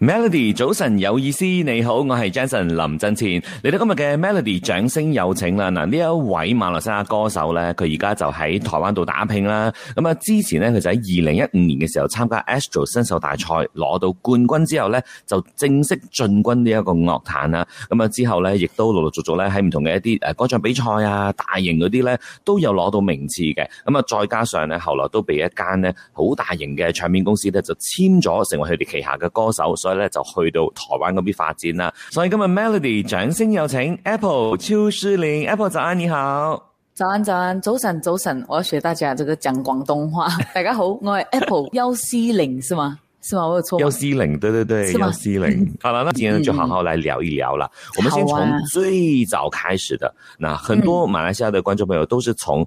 Melody，早晨有意思，你好，我係 Jason 林振前，嚟到今日嘅 Melody 掌聲有請啦。嗱，呢一位馬來西亞歌手咧，佢而家就喺台灣度打拼啦。咁啊，之前咧佢就喺二零一五年嘅時候參加 Astro 新秀大賽，攞到冠軍之後咧，就正式進軍呢一個樂壇啦。咁啊之後咧，亦都陸陸續續咧喺唔同嘅一啲誒歌唱比賽啊、大型嗰啲咧，都有攞到名次嘅。咁啊再加上咧，後來都被一間咧好大型嘅唱片公司咧就簽咗，成為佢哋旗下嘅歌手。就去到台灣嗰邊發展啦，所以今日 Melody 掌聲有請 Apple 邱詩淩，Apple 早安你好，早安早安，早晨早晨，我要學大家這個講廣東話， 大家好，我係 Apple 幺四零，是嗎？是嗎？我有錯嗎？幺四零，對對對，幺四零，好啦，那今天就好好來聊一聊啦，嗯、我們先從最早開始的，啊、那很多馬來西亞的觀眾朋友都是從。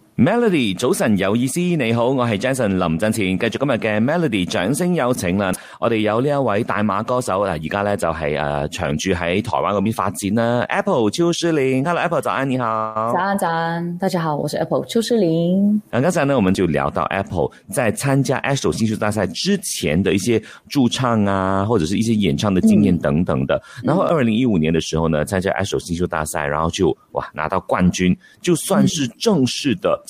Melody 早晨有意思，你好，我是 Jason 林振前，繼續今日嘅 Melody 掌聲有請了，我哋有呢一位大馬歌手，誒、啊，而家呢，就係誒長駐喺台灣嗰邊發展啦。Apple 邱詩凌，Hello Apple，早安，你好，早安，早安。大家好，我是 Apple 邱詩凌。嗱、嗯，剛才呢，我們就聊到 Apple 在參加 Astro 新秀大賽之前的一些駐唱啊，或者是一些演唱的經驗等等的。嗯、然後二零一五年嘅時候呢，參加 Astro 新秀大賽，然後就哇拿到冠軍，就算是正式的。嗯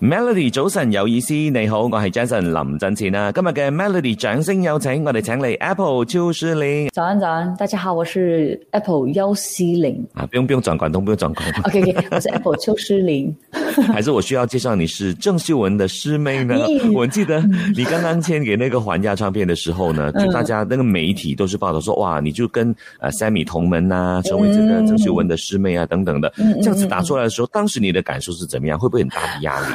Melody 早晨有意思，Johnson, 你好，我係 Jason 林振前啊。今日嘅 Melody 掌聲有請，我哋請你 Apple 邱詩凌。早安早安，大家好，我是 Apple 幺七零。啊，不用不用轉廣東，不用轉廣東。OK OK，我是 Apple 邱詩凌。 還是我需要介紹你是鄭秀文的師妹呢？ 我記得你剛剛簽給那個環亞唱片的時候呢， 就大家那個媒體都是報道說，哇，你就跟呃 Sammy 同門啊，成為這個鄭秀文的師妹啊、嗯、等等的。這樣子打出來的時候，嗯嗯嗯、當時你的感受是怎麼樣？會不會很大的壓力？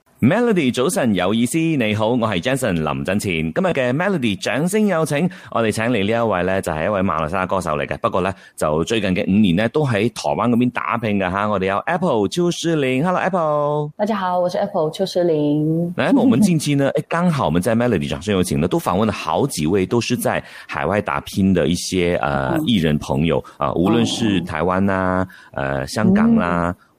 Melody，早晨有意思，你好，我是 Jason 林振前。今日嘅 Melody 掌聲有請，我哋請嚟呢一位咧就係、是、一位馬來西亞歌手嚟嘅，不過咧就最近嘅五年咧都喺台灣嗰邊打拼嘅吓。我哋有 Apple 邱詩凌，Hello Apple，大家好，我是 Apple 邱詩凌。嗱，我們近期呢，誒，剛好我們在 Melody 掌聲有請呢，都訪問了好幾位，都是在海外打拼嘅一些誒藝、嗯呃、人朋友、呃、論啊，無論是台灣啦，誒，香港啦、啊。嗯